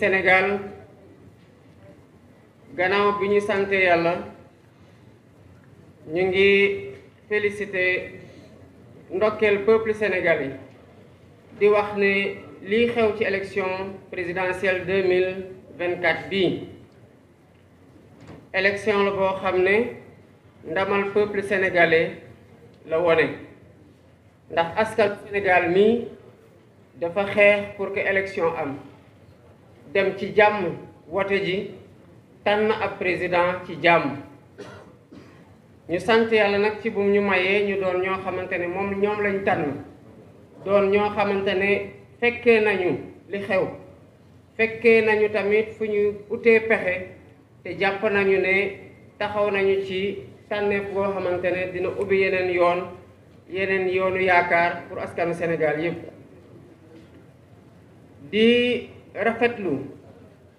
Sénégal Ghana, biñu santé Yalla. ñu peuple sénégalais di wax élection présidentielle 2024 L'élection élection la bo xamné peuple sénégalais la ndax Sénégal pour que élection am dem ci jàmm wote ji tànn ab président ci jàmm ñu sant yàlla nag ci bum ñu mayee ñu doon ñoo xamante ne moom ñoom lañu tànn doon ñoo xamante ne fekkee nañu li xew fekke nañu tamit fu ñu utee pexe te jàpp nañu ne taxaw nañu ci tànneef boo xamante ne dina ubbi yeneen yoon yeneen yoonu yaakaar pour askanu senegal yépp di rafetlu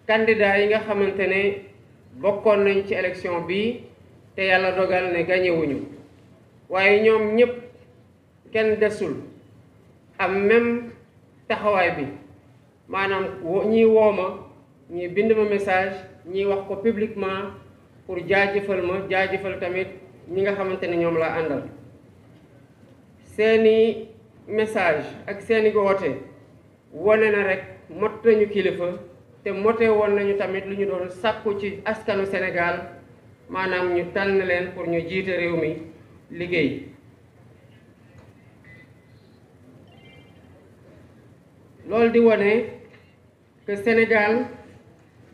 candidat yi nga xamantene bokkon nañ ci élection bi te yalla dogal ne wuñu waye ñom ñëpp kenn dessul am même taxaway bi manam ñi woma ñi bind ma message ñi wax ko publiquement pour jaajeufal ma jaajeufal tamit ñi nga xamantene ñom la andal. seni seeni message ak seeni woote wone rek mot nañu kilifa te mote woon nañu tamit lu ñu doon sàkku ci askanu Sénégal maanaam ñu tànn leen pour ñu jiite réew mi liggéey loolu di wane que Sénégal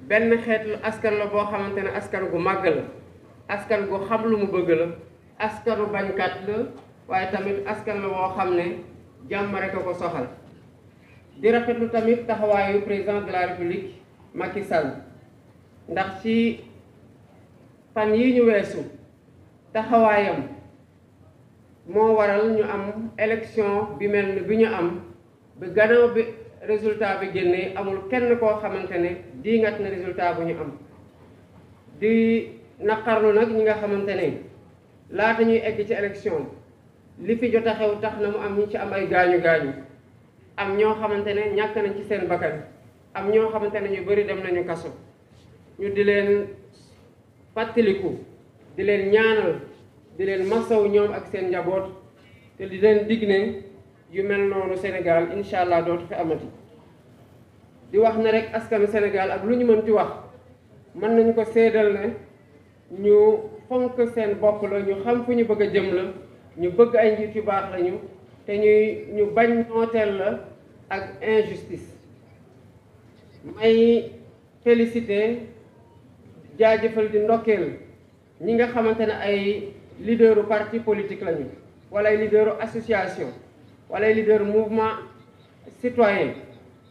benn xeetu askan la boo xamante ne askan gu màgg la askan gu xam lu mu bëgg la askanu bañkat la waaye tamit askan la boo xam ne jàmm rekk a ko soxal di rafetlu tamit taxawaayu président de la république Macky ndax ci fan yi ñu weesu taxawaayam moo waral ñu am élection bi mel ni bi ñu am bi gannaaw bi résultat bi génnee amul kenn koo xamante ne diingat na résultat bu ñu am di naqarlu nag ñi nga xamante ne laata ñuy egg ci élection li fi jot a xew tax na mu am ñu ci am ay gaañu gaañu am ñoo xamante ne ñàkk nañ ci seen bakkan am ñoo xamante ne ñu bëri dem nañu kaso ñu di leen fàttaliku di leen ñaanal di leen masaw ñoom ak seen njaboot te di leen dig ne yu mel noonu Sénégal incha allah dootu fi amati di wax na rek askanu Sénégal ak lu ñu mënti wax mën nañu ko seedal ne ñu fonk seen bopp la ñu xam fu ñu bëgg a jëm la ñu bëgg ay njiit yu baax lañu te ñuy ñu bañ nooteel la ak injustice may félicité jaajëfal di ndokkeel ñi nga xamante ne ay leaderu parti politique lañu wala ay leaderu association wala ay leaderu mouvement citoyen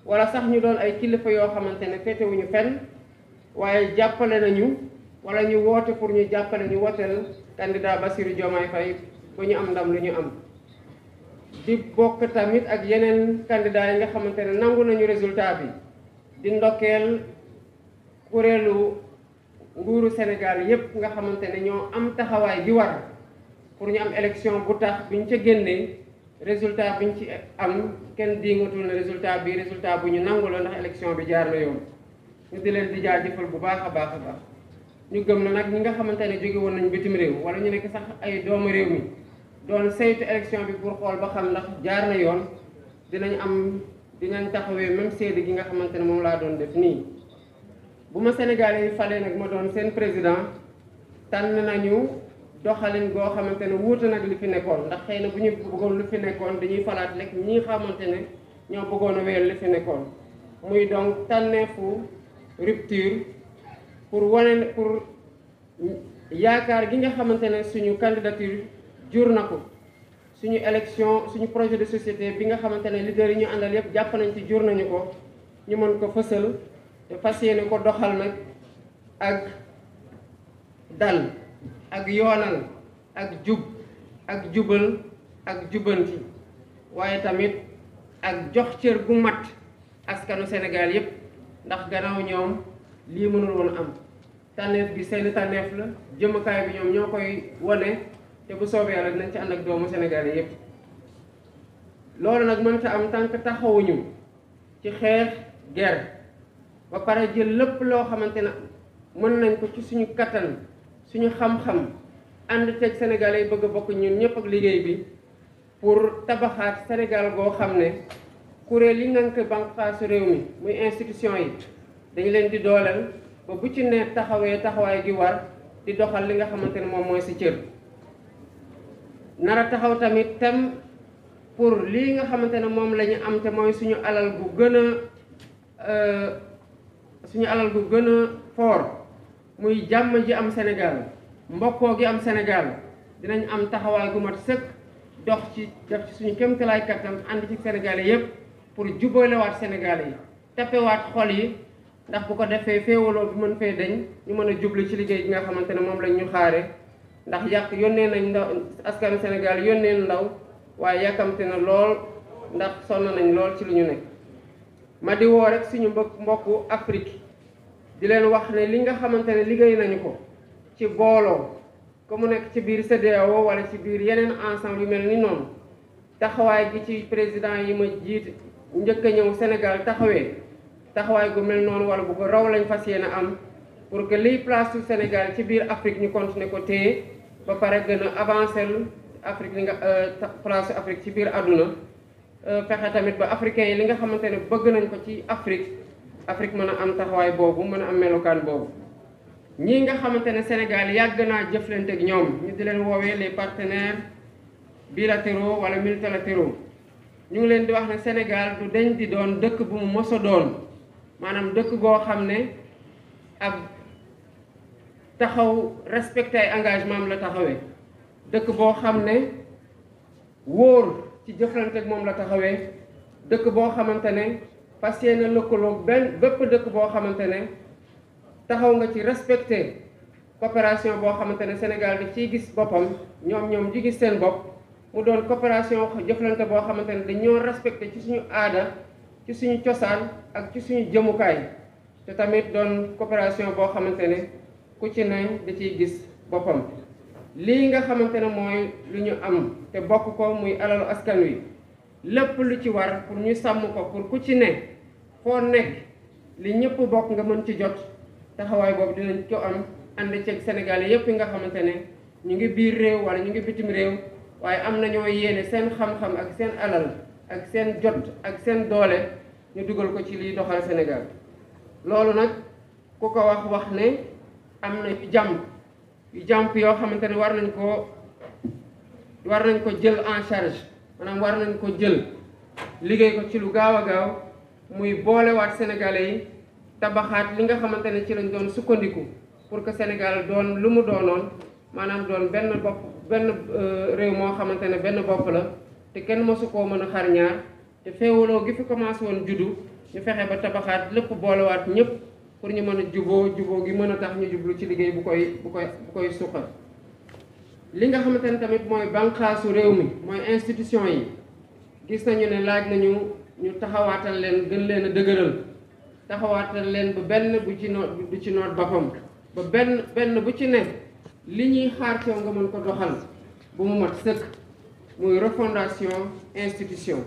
wala sax ñu doon ay kilifa yoo xamante ne féetewuñu fenn waaye jàppale nañu wala ñuy woote pour ñu jàppale ñu woteel candidat Bassirou Diomaye Faye bu ñu am ndam lu ñu am di bokk tamit ak yeneen candidat yi nga xamante ne nangu nañu résultat bi di ndokkeel kuréelu nguuru Sénégal yépp nga xamante ne ñoo am taxawaay bi war pour ñu am élection bu tax ñu ca génnee résultat biñ ci am kenn dingatul ne résultat bi résultat bu ñu nangu la ndax élection bi jaar na yoon ñu di leen di jaajëfal bu baax a baax a baax ñu gëm na nag ñi nga xamante ne jóge woon nañ bitim réew wala ñu nekk sax ay doomu réew mi doon saytu élection bi pour xool ba xam ndax jaar na yoon dinañ am dinañ taxawee même seede gi nga xamante ne moom laa doon def nii bu ma Sénégalais yi falee nag ma doon seen président tànn nañu doxalin goo xamante ne wuute nag li fi nekkoon ndax xëy na bu ñu bëggoon lu fi nekkoon dañuy falaat rek ñi nga xamante ne ñoo bëggoon a wéyal li fi nekkoon muy donc tànneefu rupture pour wane pour yaakaar gi nga xamante ne suñu candidature jur na ko suñu élection suñu projet de société bi nga xamante ne leader yi ñu àndal yépp jàpp nañ ci jur nañu ko ñu mën ko fësal te fas yéene ko doxal nag ak dal ak yoonal ak jub ak jubal ak jubanti waaye tamit ak jox cër gu mat askanu Sénégal yépp ndax gannaaw ñoom lii mënul woon am tànneef bi seen tànneef la jëmukaay bi ñoom ñoo koy wone te ya, bu soobé yalla dinañ ci and ak doomu Sénégalais yépp ya. loolu mën ta am tank taxawuñu ci xeex guerre ba pare jël lepp lo xamante ne mën nañ ko ci suñu katan suñu xam-xam and teg Sénégalais bëgg bokk ñun ñëpp ak liggéey bi pour tabaxat Sénégal goo xam ne kuréel nga ngànk bànqaasu réew mi muy institution yi dañ leen di dolal ba bu ci ne taxawé taxaway gi war di doxal li nga xamante moom mooy si nara taxaw tamit tam pour li nga xamantene mom lañu am te moy suñu alal gu gëna euh suñu alal gu gëna for muy jamm ji am Senegal, mboko gi am senegal dinañ am taxawal gu mat sekk dox ci def ci suñu kéemtalaay katam and ci senegal yépp pour wat senegal yi wat xol yi ndax bu ko defee féwolo bu mën fé dañ ñu mëna jublu ci liggéey gi nga xamantene mom lañ ñu xaaré ndax yàq yónnee nañ ndaw askanu Sénégal yónnee ndaw waaye yàkkamte na lool ndax sonn nañ lool ci lu ñu nekk ma di woo rek suñu mbokku Afrique di leen wax ne li nga xamante ne liggéey nañu ko ci booloo ko mu nekk ci biir CEDEAO wala ci biir yeneen ensemble yu mel ni noonu taxawaay gi ci président yi ma jiit njëkk a ñëw Sénégal taxawee taxawaay gu mel noonu wala bu ko raw lañ fas yéene am pour que liy place su Sénégal ci biir Afrique ñu continuer ko ba pare gën a avancer Afrique li nga euh, place Afrique ci biir àdduna euh, fexe tamit ba africains yi li nga xamante ne bëgg nañ ko ci Afrique Afrique mën a am taxawaay boobu mën a am melokaan boobu. ñii nga xamante ne Sénégal yàgg naa jëflante ak ñoom ñu di leen woowee les partenaires bilatéraux wala multilatéraux ñu ngi leen di wax ne Sénégal du dañ di doon dëkk bu mu mos doon maanaam dëkk goo xam ne ak. taxaw respecté ay engagement la taxawé dëkk bo xamné woor ci jëflante ak mom la taxawé dëkk bo xamante ne fas lokolo ben benn dëkk bo xamante ne taxaw nga ci respecté coopération bo xamante ne Sénégal da ci gis bopam ñom ñom ji gis seen bop mu doon coopération bo ne dañoo respecté ci suñu aada ci suñu ciosan ak ci suñu jëmukaay té tamit doon coopération bo ku ci ne da ciy gis boppam lii nga xamante ne mooy lu ñu am te bokk ko muy alalu askan wi lépp lu ci war pour ñu sàmm ko pour ku ci ne foo nekk li ñëpp bokk nga mën ci jot taxawaay boobu dinañ ko am ànd ceeg Sénégal yépp yi nga xamante ne ñu ngi biir réew wala ñu ngi bitim réew waaye am na ñoo yéene seen xam-xam ak seen alal ak seen jot ak seen doole ñu dugal ko ci liy doxal Sénégal loolu nag ku ko wax wax ne amna yu jàmp yu jàmp yo xamanteni war nañ ko war nañ ko jël en charge manam war nañ ko jël liggey ko ci lu gaaw gaaw muy wat sénégalais yi tabaxat li nga xamanteni ci lañ doon sukkandiku pour que Sénégal doon lu mu doonoon doon benn bop benn euh, rew mo xamanteni benn bop la té kenn mosu koo mën a gi fi commencé won ñu fexé ba lepp bolé wat ñepp pour ñu mën a juboo juboo gi mën a tax ñu jublu ci liggéey bu koy bu koy bu koy suqal li nga xamante ne tamit mooy banqaasu réew mi mooy institution yi gis nañu ne laaj nañu ñu taxawaatal leen gën leen a dëgëral taxawaatal leen ba benn bu ci noot bu ci noot boppam ba benn benn bu ci ne li ñuy xaar coow nga mën ko doxal bu mu mat sëkk muy refondation institution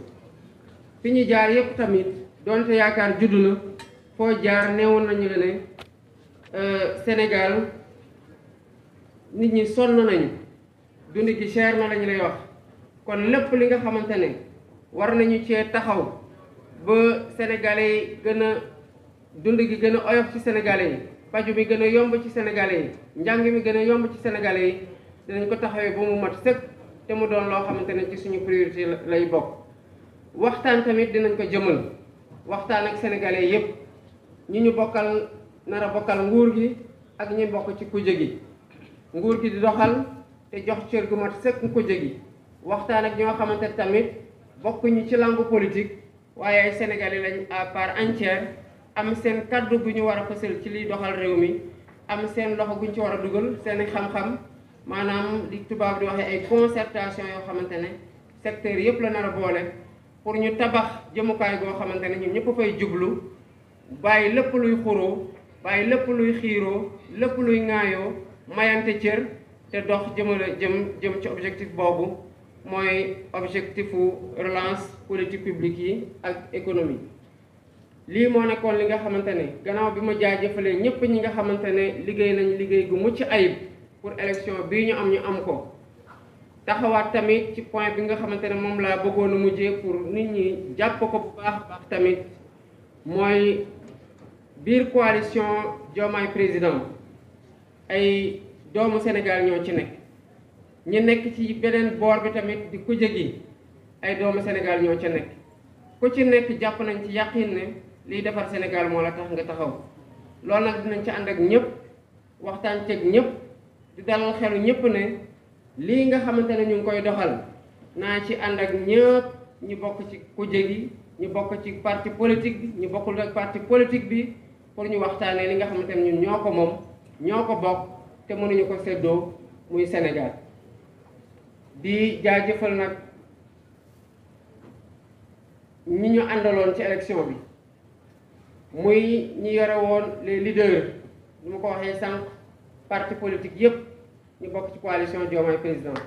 fi ñu jaar yépp tamit donte yaakaar juddu na foo jaar neewoon nañu la ne euh, Sénégal nit ñi sonn nañu dund gi cher na lañu lay wax kon lépp li nga xamante ne war nañu cee taxaw ba sénégalais yi gën a dund gi gën a oyof ci sénégalais yi paju mi gën a yomb ci sénégalais yi njàng mi gën a yomb ci sénégalais yi dinañ ko taxawee ba mu mat sëkk te mu doon loo xamante ne ci suñu priorité lay bokk waxtaan tamit dinañ ko jëmal waxtaan ak sénégalais yépp ñi ñu bokkal nar bokkal nguur gi ak ñi bokk ci kujje gi nguur gi di doxal te jox cër gu mat sëkk kujje gi waxtaan ak ñoo xamante tamit bokkuñu ci langue politique waaye ay sénégalais lañ à part entière am seen kàddu gu ñu war a fësal ci liy doxal réew mi am seen loxo guñ ci war a dugal seen xam-xam maanaam di tubaab di waxee ay concertation yoo xamante ne secteur yëpp la nar a boole pour ñu tabax jëmukaay goo xamante ne ñun ñëpp fay jublu bàyyi lépp luy xuroo bàyyi lépp luy xiiroo lépp luy ŋaayoo mayante cër te dox jëmale jëm jëm ci objectif boobu mooy objectifu relance politique publique yi ak économie lii moo nekkoon li nga xamante ne gannaaw bi mu ma jaajëfalee ñëpp ñi nga xamante ne liggéey nañ liggéey gu mucc ayib pour élection bii ñu am ñu am ko taxawaat tamit ci point bi nga xamante ne moom laa bëggoon a mujjee pour nit ñi jàpp ko bu baax baax tamit mooy biir coalition Diomaye président ay doomu Sénégal ñoo ci nekk ñu nekk ci beneen boor bi tamit di kujje gi ay doomu Sénégal ñoo ci nekk ku ci nekk jàpp nañ ci yàqin ne liy defar Sénégal moo la tax nga taxaw loolu nag dinañ ci ànd ak ñëpp waxtaan ceeg ñëpp di dalal xelu ñëpp ne lii nga xamante ne ñu ngi koy doxal naa ci ànd ak ñëpp ñu bokk ci kujje gi ñu bokk ci parti politique bi ñu bokkul ak parti politique bi pour ñu waxtaanee li nga xamante ne ñun ñoo ko moom ñoo ko bokk te mënuñu ko séddoo muy Sénégal di jaajëfal nag ñi ñu àndaloon ci élection bi muy ñu yore woon les leaders nu ma ko waxee sànq parti politique yépp ñu bokk ci coalition Diomaye président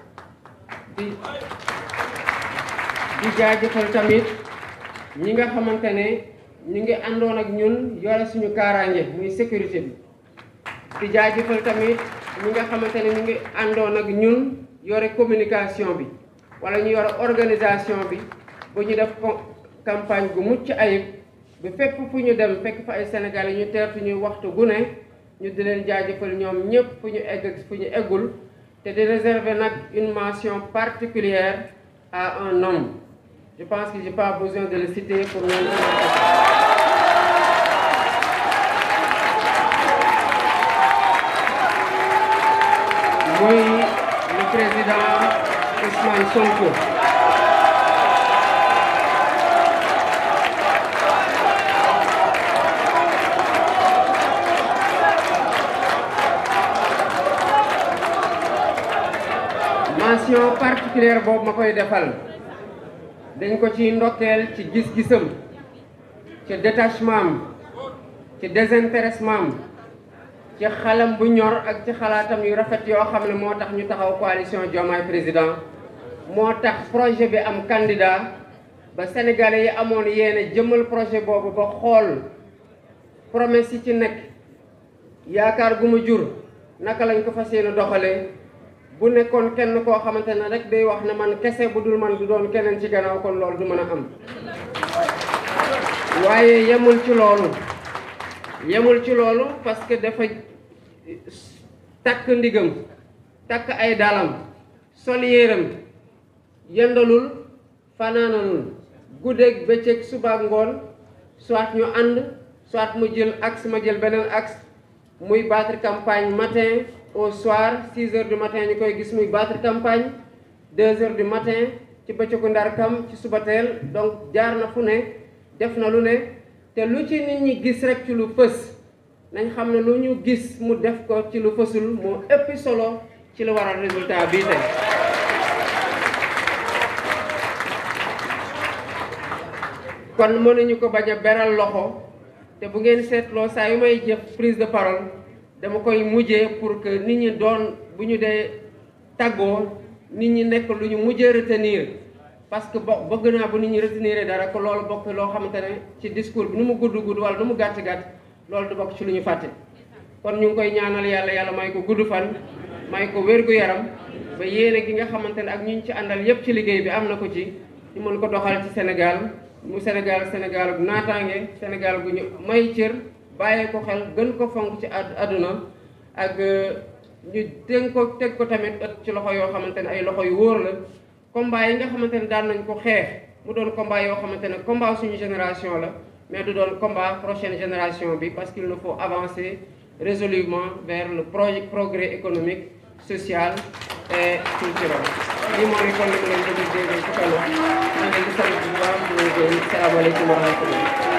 di di jaajëfal tamit ñi nga xamante ne ñu ngi àndoon ak ñun yore suñu kaaraange muy sécurité bi di jaajëfal tamit ñu nga xamante ne ñu ngi àndoon ak ñun yore communication bi wala ñu yore organisation bi ba ñu def campagne bu mucc ayib bu fépp fu ñu dem fekk fa ay Sénégalais ñu teertu ñuy waxtu gu ne ñu di leen jaajëfal ñoom ñëpp fu ñu egg fu ñu eggul te di réserver nag une mention particulière à un homme Je pense que je n'ai pas besoin de le citer pour vous. Oui, le président Ousmane Sonko. mention particulière Bob Makoye koy defal dañ ko ciy ndokkeel ci gis-gisam ci détachement am ci désintéressement am ci xalam bu ñor ak ci xalaatam yu rafet yoo xam ne moo tax ñu taxaw coalition Diomaye Président moo tax projet bi am candidat ba sénégalais yi amoon yéene jëmmal projet boobu ba xool promesse yi ci nekk yaakaar gu mu jur naka lañ ko fas yéene doxalee bu nekkon kenn ko xamantene rek day wax ne man kese budul dul man du doon kenen ci gannaaw kon lool du meuna am waye yemul ci loolu yemul ci loolu parce que dafa tak ndigam tak ay dalam sol yéeram yëndalul fanaanalul gudeg bëccëg subaak ngoon soit ñu and, soit mu jël axe ma jël benen axe muy battre campagne matin au soir 6 heures du matin ñu koy gis muy battre campagne 2 heures du matin ci bëccëgu ndar ci suba teel donc jaar na fu ne def na lu ne te lu ci nit ñi gis rek ci lu fës nañ xam ne lu ñu gis mu def ko ci lu fësul moo ëpp solo ci la waral résultat bii tey kon ko bañ beral loxo te bu ngeen seetloo saa yu may jëf prise de parole dama koy mujjee pour que nit ñi doon bu ñu dee tàggoo nit ñi nekk lu ñu mujjee retenir parce que bo bëgg naa bu nit ñi retenir dara ko loolu bokk loo xamante ne ci discours bi nu mu gudd gudd wala nu mu gàtt gàtt loolu du bokk ci lu ñu fàtte kon ñu ngi koy ñaanal yàlla yàlla may ko gudd fan may ko wér-gu-yaram ba yéene gi nga xamante ne ak ñu ci àndal yépp ci liggéey bi am na ko ci ñu mën ko doxal ci Sénégal mu Sénégal Sénégal bu naataange Sénégal bu bàyyee ko xel gën ko fonk ci aduna ak euh, ñu teg ko teg ko tamit ci loxo yoo xamante ay loxo yu wóor la combat yi nga xamante daan nañ ko xeex mu doon combat yoo xamante combat suñu génération la mais du doon combat prochaine génération bi parce qu'il nous faut avancer résolument vers le projet progrès économique social et culturel lii mooy kon li ma leen di déglu ci kanam maa ngi di sant bu baax di leen gërëm salaamaaleykum wa rahmatulah